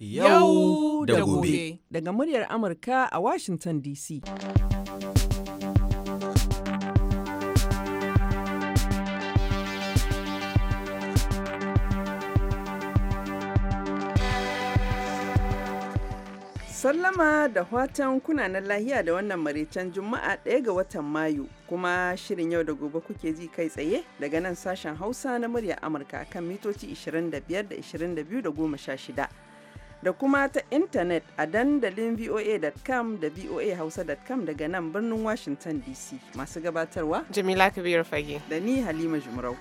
yau da gobe. Daga muryar Amurka a Washington DC. Sallama da watan kunanan lahiya da wannan maraicen Juma'a ɗaya ga watan Mayu kuma shirin yau da gobe kuke ji kai tsaye daga nan sashen Hausa na murya Amurka kan mitoci 25 da 22 da 16. da kuma ta intanet a dandalin voa.com da voahausa.com daga nan birnin Washington DC. Masu gabatarwa? Jamila Kabiru Fage. Da ni Halima Jumrau.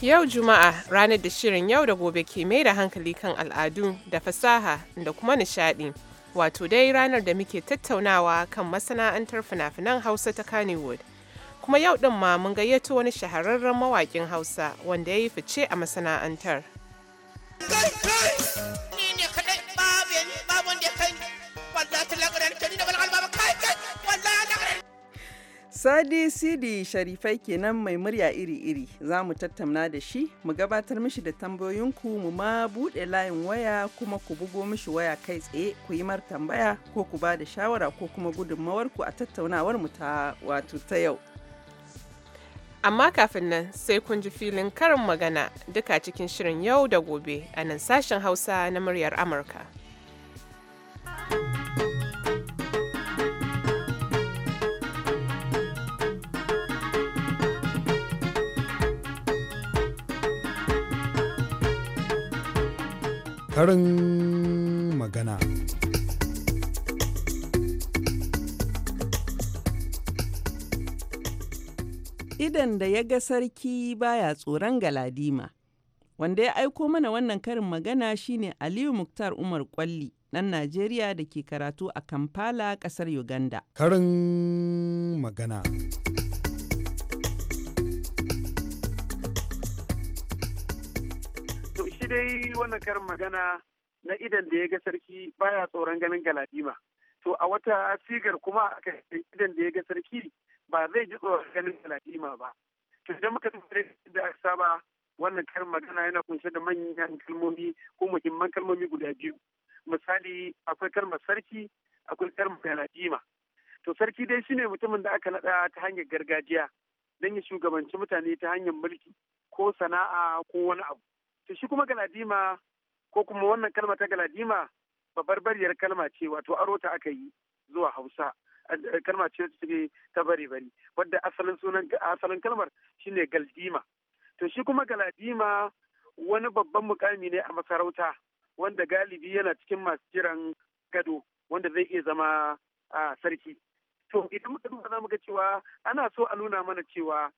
Yau Juma'a ranar da shirin yau da gobe ke mai da hankali kan al'adu da fasaha da kuma nishadi. Wato dai ranar da muke tattaunawa kan masana'antar fina-finan Hausa ta Kannywood. kuma yau ɗin ma mun gayyato wani shahararren mawakin hausa wanda ya yi fice a masana'antar Sadi Sidi Sharifai kenan mai murya iri-iri za mu tattauna da shi mu gabatar mishi da tambayoyinku mu ma buɗe layin waya kuma ku bugo mishi waya kai tsaye ku yi mar tambaya ko ku ba da shawara ko kuma gudunmawarku a tattaunawar mu ta wato ta yau. Amma kafin nan sai kun ji filin karin magana duka cikin shirin yau da gobe a nan sashen Hausa na muryar Amurka. Karin magana. Idan da ya ga sarki baya tsoron galadima. Wanda ya aiko mana wannan karin magana shine Aliyu Muktar Umar Kwalli, dan Najeriya da ke karatu a Kampala, ƙasar Uganda. Karin magana. shi dai wannan karin magana na idan da ya ga sarki baya tsoron ganin galadima. To a wata sigar kuma aka idan da ya ga sarki ba zai ji tsoron ganin galadima ba to idan muka tafi da aka saba wannan karin magana yana kunshe da manyan kalmomi ko muhimman kalmomi guda biyu misali akwai kalmar sarki akwai kalmar galadima to sarki dai shine mutumin da aka naɗa ta hanyar gargajiya don ya shugabanci mutane ta hanyar mulki ko sana'a ko wani abu to shi kuma galadima ko kuma wannan kalma ta galadima babbar bariyar kalma ce wato aro ta aka yi zuwa hausa kalma ce suke ta bari bari wadda asalin sunan asalin kalmar shine galdima to shi kuma galadima wani babban mukami ne a masarauta wanda galibi yana cikin masu jiran gado wanda zai iya zama a sarki to idan muka duba zamu ga cewa ana so a nuna mana cewa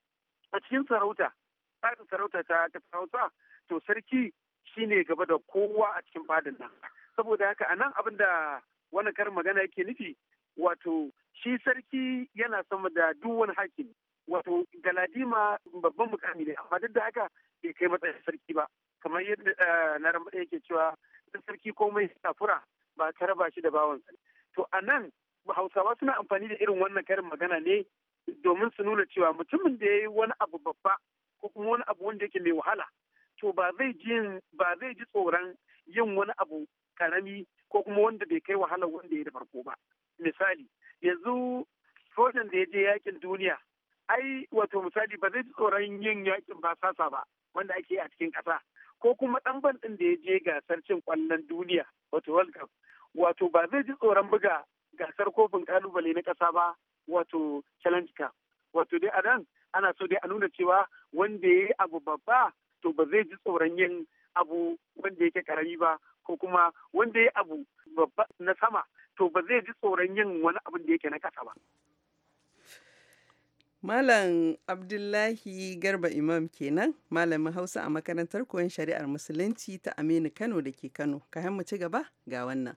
a cikin sarauta tsarin sarauta ta sarauta to sarki shine gaba da kowa a cikin fadin nan saboda haka anan nan abin da wani karin magana yake nufi wato shi sarki yana sama da duk wani hakki wato galadima babban mukami ne amma duk da haka bai kai matsayin sarki ba kamar yadda eh, na yake cewa da sarki komai safura ba ta raba shi da bawansa to a nan hausawa suna amfani da irin wannan karin magana ne domin su nuna cewa mutumin da ya yi wani abu babba ko kuma wani abu wanda yake mai wahala to ba zai ji ba zai ji tsoron yin wani abu karami ko kuma wanda bai kai wahala wanda ya da farko ba misali yanzu sojan da ya je yakin duniya ai wato misali ba zai ji tsoron yin yakin ba sasa ba wanda ake a cikin ƙasa ko kuma ɗan ban ɗin da ya je gasar cin ƙwallon duniya wato world cup wato ba zai ji tsoron buga gasar kofin kalubale na ƙasa ba wato challenge cup wato dai a nan ana so dai a nuna cewa wanda ya yi abu babba to ba zai ji tsoron yin abu wanda yake karami ba ko kuma wanda ya yi abu babba na sama to ba zai ji tsoron yin wani abin da yake na kasa ba. Malam Abdullahi Garba Imam kenan malamin Hausa a makarantar koyon shari'ar Musulunci ta Aminu Kano da ke Kano. Ka mu ci gaba ga wannan.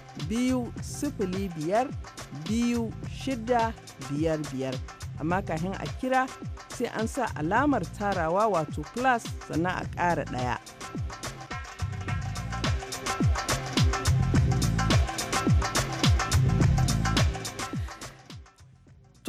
biyu sifili biyar biyu shida biyar biyar amma kafin a kira sai an sa alamar tarawa wato plus sannan a ƙara ɗaya.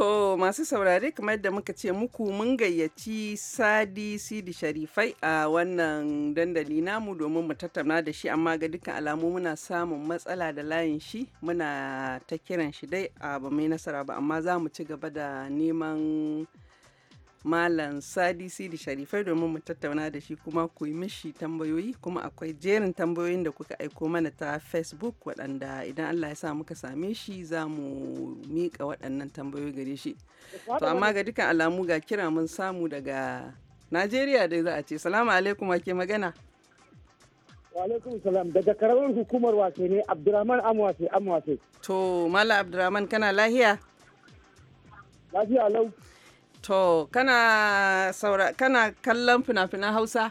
To masu saurare kamar da muka ce muku mun gayyaci Sadi Sidi Sharifai a wannan dandali namu domin mu tattauna da shi amma ga dukkan alamu muna samun matsala da layin shi muna ta kiran shi dai a ba mai nasara ba amma za mu ci gaba da neman Malam Sadi Sidi Sharifai domin mu tattauna da shi kuma ku yi mishi tambayoyi kuma akwai jerin tambayoyin da kuka aiko mana ta Facebook waɗanda idan Allah ya sa muka same shi za mu miƙa waɗannan tambayoyi gare shi. To amma ga dukkan alamu ga kira mun samu daga Najeriya dai za a ce salamu alaikum ke magana. Wa alaikum salam daga karamar hukumar wase ne abdurrahman amwase amwase to Malam abdurrahman kana lahiya lafiya lau To, kana saura kana kallon fina-finan Hausa?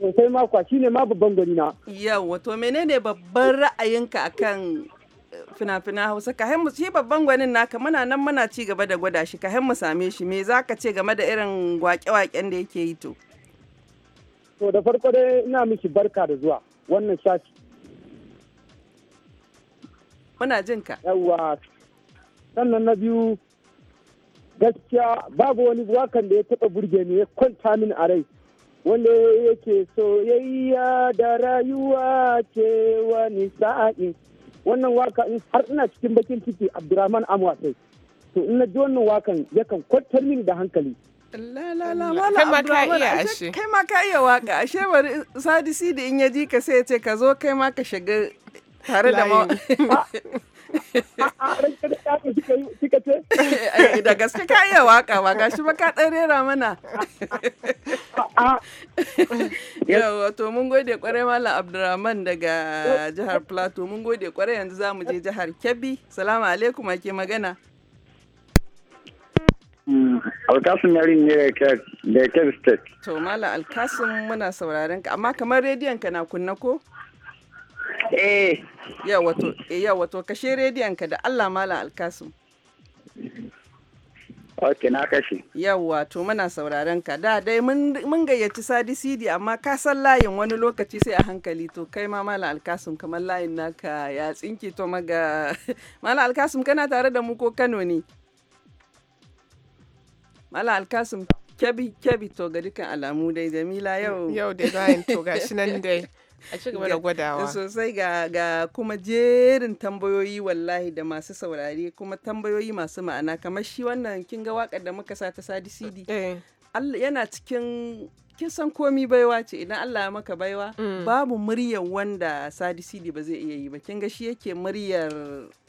Sosai makwa shi ne ma babban gwani na. Yawwa, to menene babban ra'ayinka akan eh, fina-finan Hausa? Ka mu shi babban gwanin naka muna nan muna ci gaba da gwada shi, ka mu same shi, me za ka ce game da irin waƙe-waƙen da yake yi to? To da farko dai ina miki barka da zuwa wannan shafi. Muna jin ka. Yawwa, sannan na biyu gaskiya babu wani wakan da ya taba burge ni ya kwanta min a rai wanda yake soyayya da rayuwa ce wani sa'a'i wannan waka in har ina cikin bakin ciki abdurrahman amwasai to ina ji wannan wakan yakan kwantar min da hankali kai ma ka iya waka ashe bari sadisi da in ya ji ka sai ya ce ka zo kai ma ka shiga tare da ma ah, Eh, da gaske ka iya waka ba gashi ba ka ɗan rera mana. Yawa to mun gode kwarai Malam Abdulrahman daga jihar Plateau mun gode kwarai yanzu za mu je jihar Kebbi. Salamu alaikum ake magana. Hmm, Alkasim Yarin ne da Kebbi State. To Malam Alkasim muna sauraron ka amma kamar rediyon ka na kunna ko? eh ya eh, wato kashe rediyon ka da Allah mala alkasim Ok, na kashe. Yawwa, to muna sauraron ka. Da dai mun gayyaci Sadi Sidi amma ka san layin wani lokaci sai a hankali to kai ma Malam Alkasim kamar layin naka ya tsinki to maga. Malam Alkasim kana tare da mu ko Kano ne? Malam Alkasim kebi kebi to ga dukan alamu dai Jamila yau. Yau dai zayin to gashi nan dai. a ci gaba da gwadawa sosai ga, kuma jerin tambayoyi wallahi da masu saurare kuma tambayoyi masu ma'ana kamar shi wannan kin ga wakar da muka sa ta sadi cd eh. yana cikin kin san komi baiwa ce idan Allah ya maka baiwa mm. babu muryar wanda Sadi Sidi ba zai iya yi ba kin ga shi yake muryar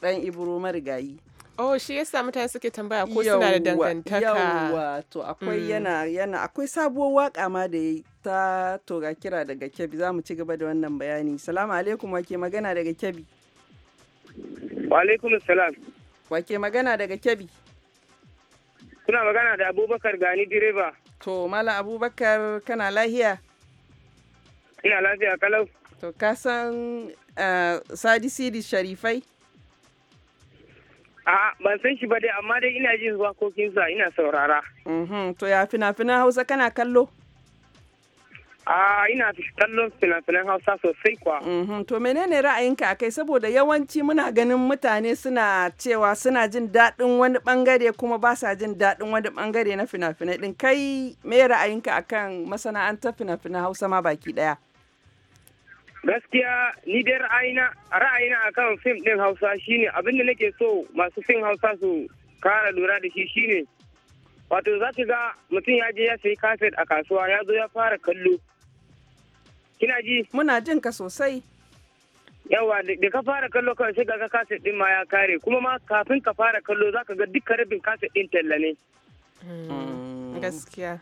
dan Ibro marigayi Oh, shi yasa mutane suke tambaya ko suna da dangantaka. Yawwa, to akwai mm. yana yana akwai sabuwar waka ma da ya ta toga kira daga Kebbi za mu ci gaba da wannan bayani. Salamu alaikum wake magana daga Kebbi. Wa alaikum salam. Wake magana daga Kebbi. Kuna magana da Abubakar Gani direba. To Malam Abubakar kana lahiya? Ina lafiya kalau. To ka san uh, Sadi Sidi Sharifai? A'a ban san shi ba dai amma dai ina jin wakokinsa ina saurara. Mhm, to ya fina-finan Hausa kana kallo? A ina kallon fina-finan Hausa sosai kwa. Mhm, to menene ra'ayinka a kai saboda yawanci muna ganin mutane suna cewa suna jin daɗin wani bangare kuma ba sa jin daɗin wani bangare na fina-finai ɗin kai me ra'ayinka akan masana'antar fina-finan Hausa ma baki ɗaya? gaskiya ni dai ra'ayina ra'ayina akan fim din hausa shine abinda nake so masu fim hausa su kara lura da shi shine wato za ki ga mutum ya je ya sayi kafet a kasuwa ya zo ya fara kallo kina ji muna jin ka sosai yawa da ka fara kallo kawai sai ga kaset din ma ya kare kuma ma kafin ka fara kallo za ka ga duka rabin kaset din talla mm, gaskiya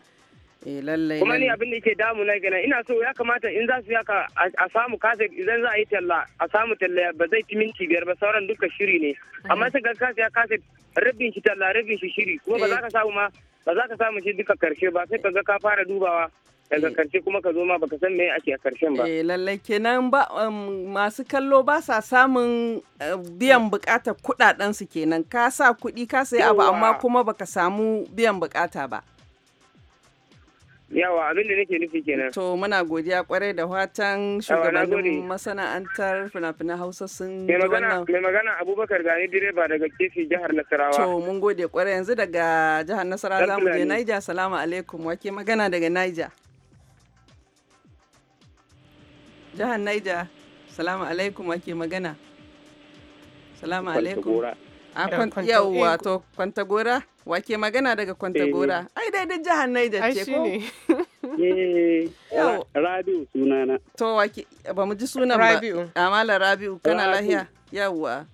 Eh, lallai kuma ni abin da yake damu na gina ina so ya kamata in za su yaka a samu kasa idan za a yi talla a samu talla ba zai fi minti biyar ba sauran duka shiri ne amma sai ga kasa ya kasa rabin shi talla rabin shi shiri kuma ba za eh. ka samu ma ba za ka samu shi duka karshe ba sai ka ga ka fara dubawa daga eh. karshe kuma ka zo ma baka san me ake a karshen ba. Eh lallai kenan ba um, masu kallo ba sa samun biyan bukatar kudaden su kenan ka sa kuɗi ka sayi abu amma kuma baka samu biyan bukata ba. yawa abin da nake nufi kenan to muna godiya kwarai da watan shugabannin masana'antar fina-finan hausa sun yi wannan mai magana abubakar gani direba daga kefi jihar nasarawa to mun gode kwarai yanzu daga jihar nasarawa za mu je naija salamu alaikum wake magana daga naija jihar naija salamu alaikum wake magana salamu alaikum Ah, Yawwa eh, to Kwantagora wake magana daga Kwantagora. Eh. Ai dai jihar Niger ce ko? Ai eh, Rabiu sunana. To wake ba mu ji sunan ba. Rabiu. Amala ah, Rabiu kana lahiya. Yawwa.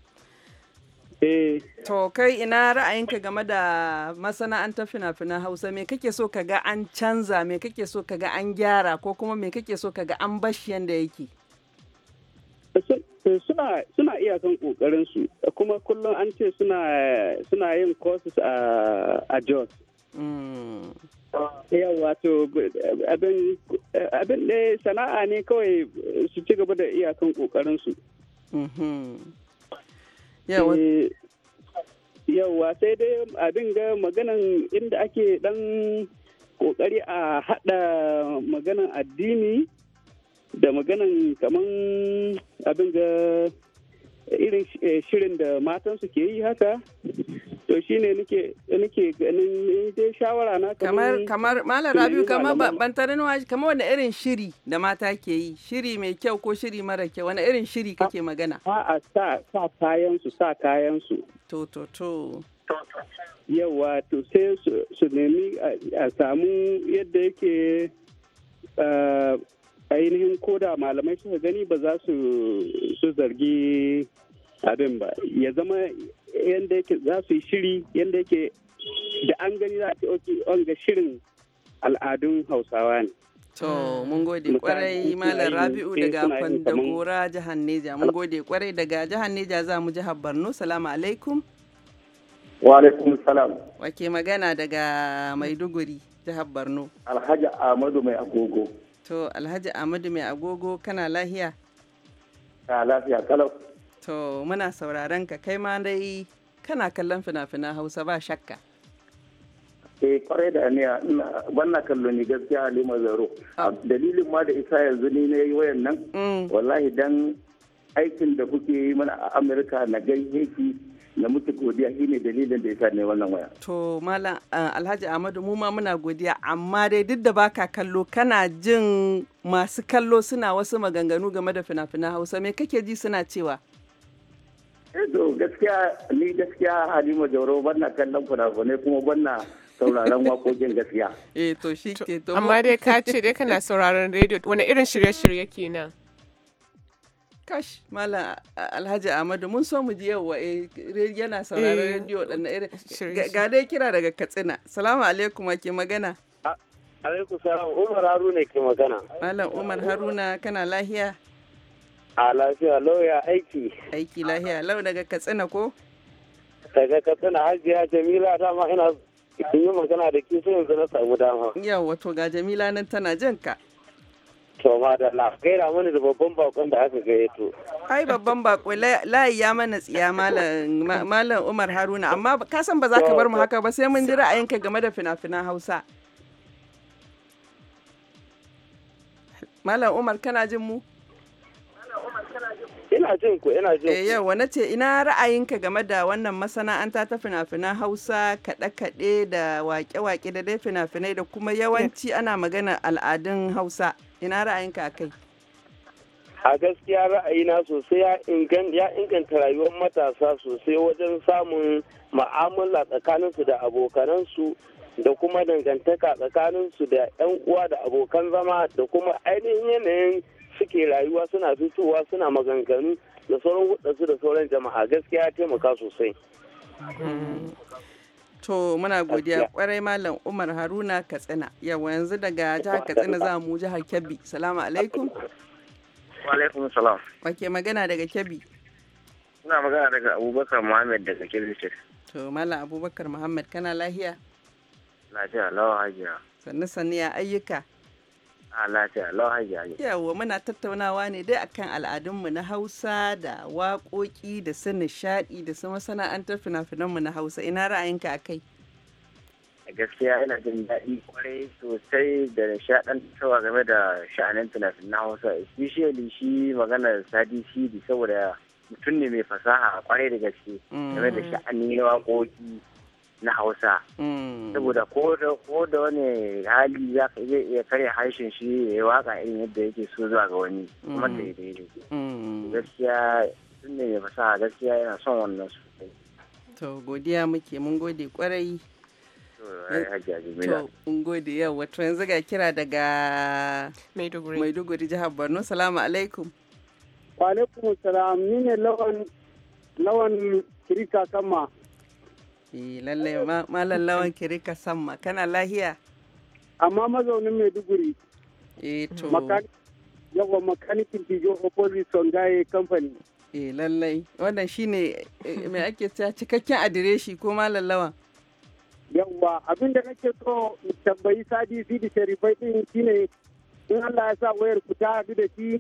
To kai ina ra'ayinka game da masana'antar fina-finan Hausa me kake so ka ga an canza me kake so ka ga an gyara ko kuma me kake so ka ga an bashi yanda yake? suna iya iyakan kokarin su kuma kullum an ce suna suna yin courses a Jos. Mm. Ah, Yawa to abin abin da sana'a ne kawai su ci gaba da iyakan kokarin su. Mm-hmm. Eh, sai dai abin ga maganan inda ake dan kokari a hada maganan addini da maganan kaman abin da irin eh, shirin da matansu ke yi haka to shine nake nake ganin eh, dai shawara na kamar kamar malam rabiu kamar bantarin tarin kamar wani irin shiri da mata ke yi shiri mai kyau ko shiri mara kyau wani irin shiri kake magana a a sa sa kayan su sa kayan su to to to yawa to sai su nemi a samu yadda yake ah, ainihin koda malamai suka gani ba za su su zargi abin ba ya zama yadda yake za su yi shiri yadda yake da an gani za su yi ga shirin al'adun hausawa ne To, mun gode kwarai Malam Rabi'u eh, daga Kwandagora jihar Neja. Mun gode kwarai daga jihar Neja za mu jihar Borno. Salamu alaikum. Wa alaikum salam. Wake magana daga Maiduguri jihar Borno. Alhaji Ahmadu Mai Agogo. To Alhaji Ahmadu mai agogo kana lahiya? Ka ah, lafiya kalau. To muna sauraron ka kai ma dai kana kallon fina-finan Hausa ba shakka. eh kwarai da aniya wannan kallo ne gaskiya halima zaro ah. ah, dalilin ma da isa yanzu ni na yi wayan nan mm. wallahi dan aikin da kuke yi mana a amurka na gaishe ki na mutu godiya shine dalilin da ya sa ne wannan waya to malam eh, alhaji ahmadu mu ma muna godiya amma dai duk da baka kallo kana jin masu kallo suna wasu maganganu game da fina-finan hausa me kake ji suna cewa Edo eh, gaskiya ni gaskiya halima jauro banna kallon fina-finai kuma banna sauraron wakokin gaskiya eh to shi ke to amma dai ka ce dai kana sauraron rediyo wani irin shirye-shirye kenan Kash, Malam Alhaji Ahmadu mun so mu ji yau wa eh, yana sauraron eh, rediyo ɗan irin. Ga dai kira daga Katsina. Salamu alaikum ake magana. Alaikum salam Umar Haruna ke magana. Malam Umar Haruna kana lahiya? A lafiya lauya aiki. Aiki lahiya lau daga Katsina ko? Daga Katsina Hajiya Jamila dama ina yi magana da ke so yanzu na samu dama. Yawwa to ga Jamila nan tana jinka. ka. To da lafira wani da babban bakon da aka gayyato. Ai babban bako layi ya mana tsiya malam Umar Haruna amma ka san ba za ka bar mu haka ba sai mun ji ra'ayinka game da fina-finan Hausa. Malam Umar kana jin mu? ina jin ku ina jin eh, ku eh yawa nace ina ra'ayinka game da wannan masana'anta ta fina-finan Hausa kaɗe-kaɗe da waƙe-waƙe da dai fina-finai da kuma yawanci ana magana al'adun Hausa ina ra'ayinka akai a gaskiya ra'ayina sosai ya inganta rayuwar matasa sosai wajen samun ma'amala tsakaninsu da abokanansu da kuma dangantaka tsakaninsu da 'yan uwa da abokan zama da kuma ainihin yanayin suke rayuwa suna fitowa suna maganganu da sauran hudansu da sauran jama'a gaskiya ya taimaka sosai. Mm. To muna godiya kwarai Malam Umar Haruna Katsina. Yawa yanzu daga jihar Katsina za mu jihar Kebbi. Salamu alaikum. Wa alaikum salam. Wake magana daga Kebbi. Ina magana daga Abubakar Muhammad daga Kebbi To Malam Abubakar Muhammad kana lahiya? Lafiya lawa hajiya. Sannu sannu ya ayyuka. a lafiya lafiya muna tattaunawa ne dai akan al'adunmu na hausa da waƙoƙi da su nishaɗi da su masana'antar fina-finanmu na hausa ina ra'ayinka a kai a gaskiya ina jin daɗi kwarai sosai da nishaɗantarwa game da sha'anin fina-finan hausa especially shi maganar sadi cd saboda mutum ne mai fasaha kwarai da gaske mm. game da na waƙoƙi na hausa mm. saboda ko da ko da wani hali ya zai iya karya harshen shi ya waka irin yadda yake so zuwa ga wani kuma da mm. daidai mm. gaskiya tun da ya fasaha gaskiya yana son wannan sosai to godiya muke mun gode kwarai To, mun gode yawa wato yanzu ga kira daga Maiduguri jihar Borno. Salamu alaikum. Wa alaikum salam, ni ne lawan lawan kirika kama. Eh lalle malam lawan kirika samma kana lahiya. Amma mazaunin Maiduguri. Eh to. Yawa makanikin Tijo Opposite Songaye Company. e lallai wannan shine eh, mai ake cewa cikakken adireshi ko malam lawan. Yawa abinda nake so tambayi Sadi Sidi Sharifai din shine in Allah ya sa wayar ku ta hadu da shi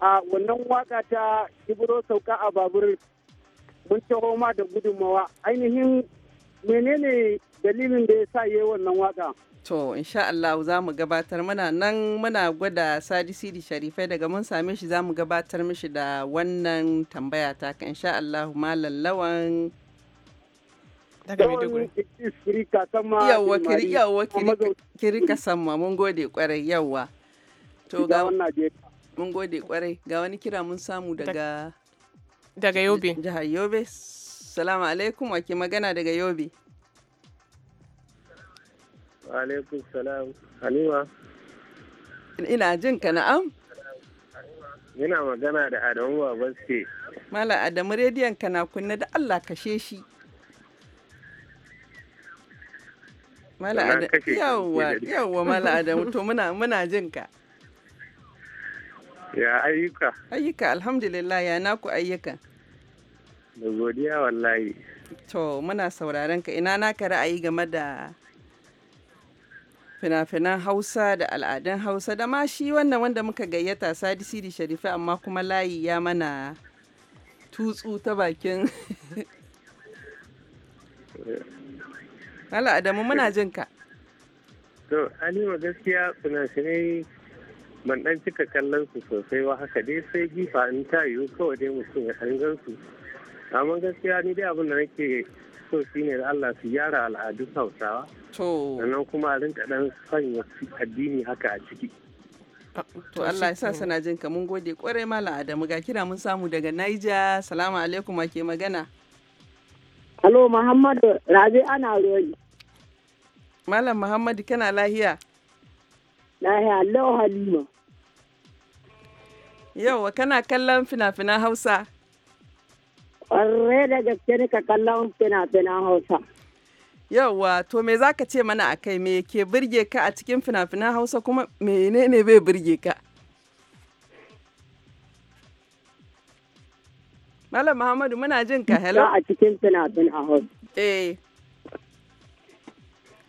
a wannan waka ta Ibro sauka a babur mun taho ma da gudunmawa ainihin menene dalilin da ya sa yi wannan waka To, insha Allah za mu gabatar muna nan muna gwada Sadi Sidi Sharifai daga mun same shi za mu gabatar mishi da wannan tambaya ta ka insha Allah lawan. Daga Maiduguri. Yawwa, yawwa, kirika samma, mun gode kwarai, yawwa. To, ga mun gode kwarai, ga wani kira mun samu daga... Daga Yobe. Jihar Yobe. Salamu alaikum wake magana daga Yobe. Wa alaikum salam. Halima. Ina jin ka na'am. ina magana da Adamu Babaske. Mala Adamu rediyon ka na kunna da Allah kashe shi. Mala Adamu. Yawwa, yawwa Mala Adamu to muna muna jin ka. Ya ayyuka. Ayyuka alhamdulillah ya naku ayyuka. Da godiya wallahi. To muna sauraron ka ina naka ra'ayi game da fina-finan Hausa da al'adun Hausa da ma shi wannan wanda muka gayyata Sadi Sidi Sharifi amma kuma layi ya mana tutsu ta bakin. Hala Adamu muna jin ka. To, ma gaskiya fina-finai ban dan cika kallon su sosai ba haka dai sai jifa in ta yiwu kawai dai mutum ya san gansu amma gaskiya ni dai abin da nake so shine da Allah su gyara al'adun Hausawa sannan kuma a rinka dan sanya addini haka a ciki ah, to Allah ya sa sana jin ka mun gode kwarai malam Adamu ga kira mun samu daga naija salamu alaikum ke magana hallo Muhammadu Rabi ana royi Malam Muhammadu kana lahiya Lahiya Allah Halima Yauwa kana kallon fina-finan Hausa? Ƙwarre da gaske ne ka kallon fina-finan Hausa. Yauwa to me za ka ce mana a kai me ke birge ka a cikin fina-finan Hausa kuma menene bai birge ka? Malam Muhammadu muna jin ka hello. A cikin fina-finan Hausa. Eh.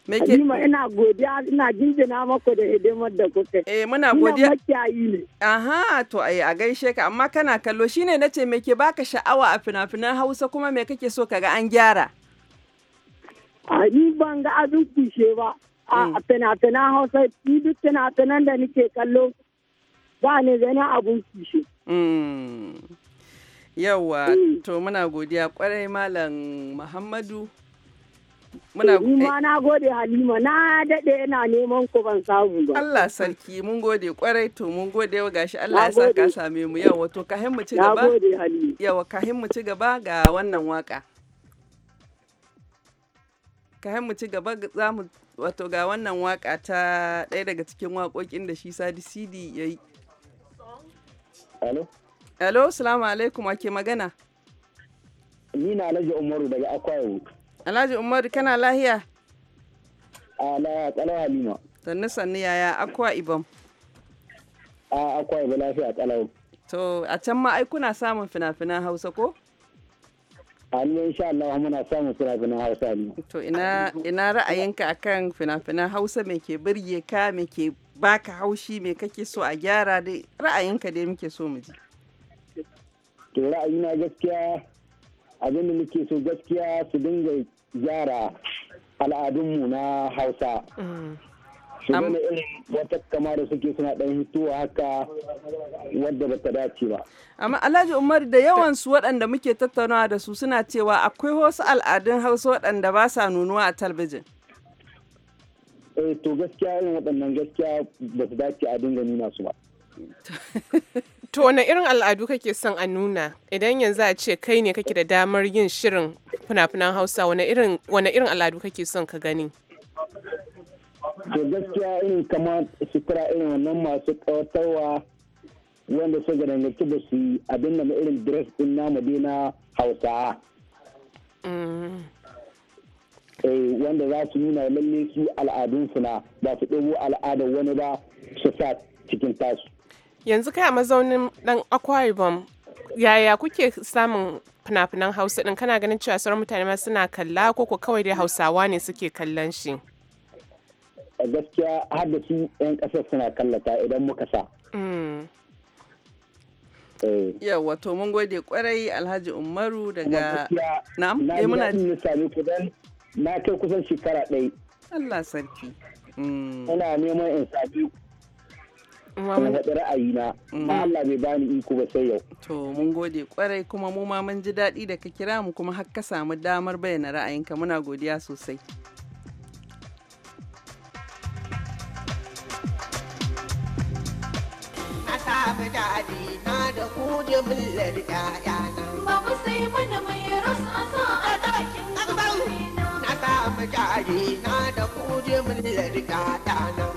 Halima ina godiya ina jinjina maku da hidimar da kuka. Eh muna godiya. Ina ne. Aha to ai a gaishe ka amma kana kallo shine nace me ke baka sha'awa a fina-finan Hausa kuma me kake so kaga an gyara? A ni ban ga abin kushe ba. A mm. fina-finan Hausa ni duk fina-finan da nake kallo ba ne gani abin kushe. Mm. Yawwa mm. to muna godiya kwarai malam Muhammadu. Muna ma eh, na gode Halima na daɗe ina neman ku ban samu ba. Allah sarki mun gode kwarai to mun gode wa gashi Allah ya sa ka same mu yawa to ka mu ci gaba. Na gode Halima. Yawa ka mu ci gaba ga wannan waka. ka mu ci gaba za mu wato ga wannan waka ta ɗaya daga cikin waƙoƙin da shi Sadi Sidi ya yi. Alo. Alo, salamu alaikum, ake magana. Ni na Alhaji Umaru daga Akwayo. Alhaji Umaru kana lahiya? Ala tsala Halima. Sannu sannu yaya akwa ibam? A akwa ibam lafiya kalau. To a can ma ai kuna samun fina-finan Hausa ko? Halima insha Allah muna samun fina-finan Hausa ne. To ina ina ra'ayinka akan fina-finan Hausa me ke birge ka me ke baka haushi me kake so a gyara dai ra'ayinka dai muke so mu ji. To ra'ayina gaskiya abin da muke so gaskiya su dinga gyara al'adunmu na hausa su zama irin wata kama da suke suna ɗan hitowa haka wadda ba ta dace ba. Amma Alhaji Umar da yawan su waɗanda muke tattaunawa da su suna cewa akwai wasu al'adun hausa waɗanda ba sa nunuwa a talbijin. Eh to gaskiya irin waɗannan gaskiya ba su dace a dinga nuna su ba. to wani irin al'adu kake son a nuna idan yanzu a ce kai ne kake da damar yin shirin fina hausa wani irin al'adu kake son ka gani to gaskiya irin kama sutura irin wannan masu kawatarwa wanda suka danganci da su abin da irin dress din namu dai na hausawa mm. eh, wanda za su nuna lalle su al'adunsu na ba su ɗebo al'adar wani ba su sa cikin tasu Yanzu kai a mazaunin dan Aquarium yaya kuke samun fina-finan Hausa din kana ganin cewa sauran mutane ma suna kalla ko ko kawai dai Hausawa ne suke kallon shi? Gaskiya har da su 'yan kasar suna kallata idan muka sa. Mm. Eh. Yawwa to mun gode kwarai Alhaji Umaru daga Na'am eh muna na kai kusan shekara ɗaya. Allah sarki. Mm. Ina neman in sami na faɗi ra'ayina ma mm. Allah bai bani iko ba sai yau to mun gode kwarai kuma mu ma mun ji daɗi da ka kira mu kuma har ka samu damar bayyana ra'ayinka muna godiya sosai samu daɗi na da ku jimillar ba mu sai mana mai rasa a ɗakin na. Na samu daɗi na da ku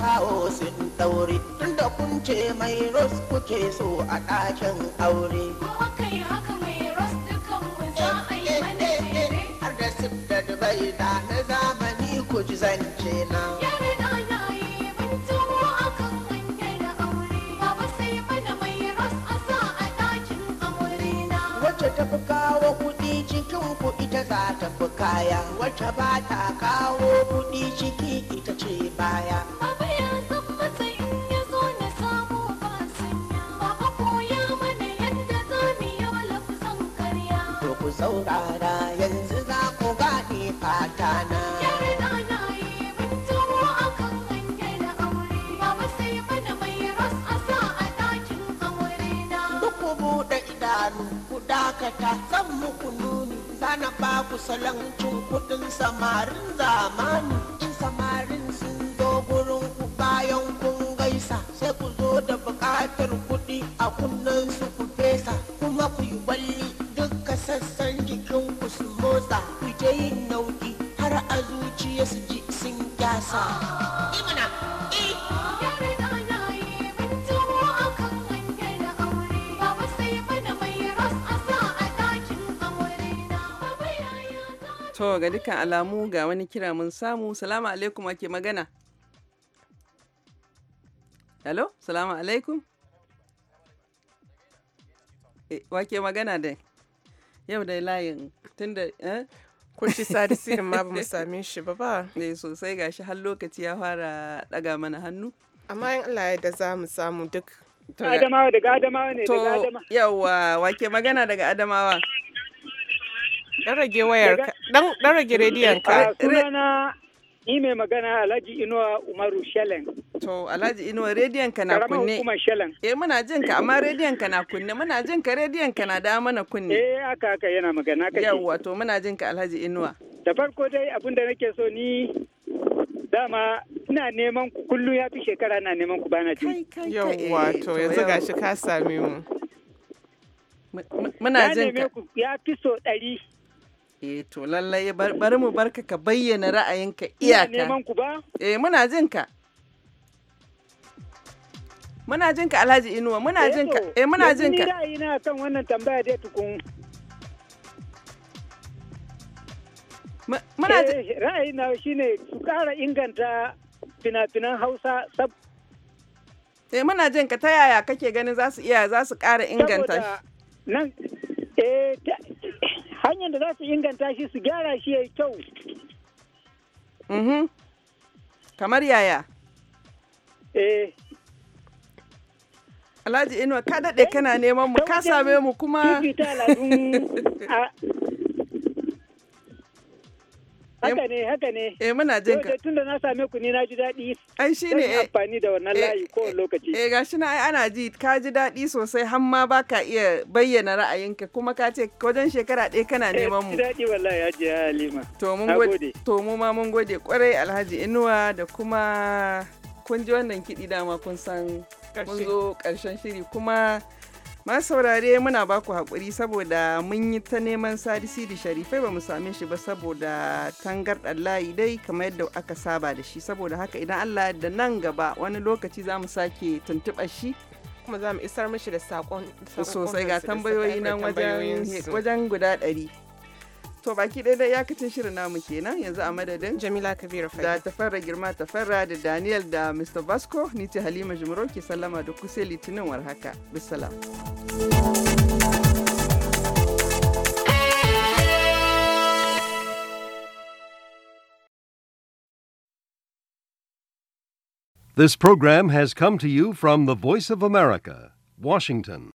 kawo sun tunda inda kun ce mai ros kuke so a ɗakin aure. Bai da na zamani ku zance na. Yare na yayi ban tuwo akan hanyar aure, baba sai mana mai ros a sa a ɗakin aure na. Wacce ta fi kawo kuɗi cikin ita za ta fi kaya, wacce ba ta kawo kudi ciki ita ce baya. dakata zan muku nuni zana ba ku salon cin kudin samarin zamani in samarin sun zo gurin ku bayan kun gaisa sai ku zo da bukatar kudi a kunnen su To ga dukkan alamu ga wani kira mun samu. Salamu alaikum ake magana. Hello, salamu alaikum. E, eh, wake magana dai. Yau dai layin tunda eh? Sadi sadisirin ma ba mu same shi ba ba. Ne eh, sosai gashi har lokaci ya fara daga mana hannu. Amma in Allah ya da za mu samu duk. Adamawa daga Adamawa ne daga Adamawa. yawa wake magana daga Adamawa. Dan rage wayar ka. Dan rage rediyon ka. Sunana ni mai magana Alhaji Inuwa Umaru Shelen. To Alhaji Inuwa rediyon ka na kunne. kuma Shelen. Eh muna jin ka amma rediyon ka na kunne muna jin ka rediyon ka na da mana kunne. Eh haka haka yana magana kake. Yawwa to muna jin ka Alhaji Inuwa. Da farko dai abin da nake so ni dama ina neman ku kullum ya fi shekara na neman ku bana jin. Yawwa to eh, yanzu gashi ka same mu. Muna jin ka. Ya fi so Eh to lallai bari mu barka ka bayyana ra'ayinka iyaka. Ina neman ku ba? Eh muna jin ka. Muna jin ka Alhaji Inuwa, muna eh, jin ka. Eh muna jin ka. Ni ra'ayina kan wannan tambaya dai tukun. Muna jin eh, ra'ayina shine su ƙara inganta fina-finan Hausa sab Eh muna jin ka ta yaya kake ganin za su iya za su ƙara inganta Nan eh hanyar da za su inganta shi su gyara shi ya yi kyau mm-hmm. kamar yaya eh alhaji inuwa ka daɗe eh, kana neman mu ka same mu kuma Eh, haka ne, haka ne. Eh muna jin ka. Tun da na same ku ni na ji daɗi. Ai shi ne. Zan eh, amfani da wannan eh, layi ko lokaci. Eh gashi na ai ana ji ka ji daɗi sosai har ma ba ka iya bayyana ra'ayinka kuma ka ce wajen shekara ɗaya kana neman mu. Eh daɗi wallahi Haji Halima. To mun gode. To mu ma mun gode kwarai Alhaji Inuwa da kuma kun ji wannan kiɗi dama kun san mun zo ƙarshen shiri kuma. Masu saurare muna baku haƙuri saboda mun yi ta neman sadisi da sharifai ba mu same shi ba saboda tangar layi dai kamar yadda aka saba da shi saboda haka idan Allah da nan gaba wani lokaci za mu sake tuntuɓa shi kuma za mu isar mishi da saƙon sosai ga tambayoyi nan wajen guda ɗari. To baki ɗaya shirin namu kenan yanzu a madadin. Jamila Kabiru Da tafarra girma tafarra da Daniel da Mr. Vasco ni ce Halima ke sallama da litinin Bisalam. This program has come to you from the Voice of America, Washington.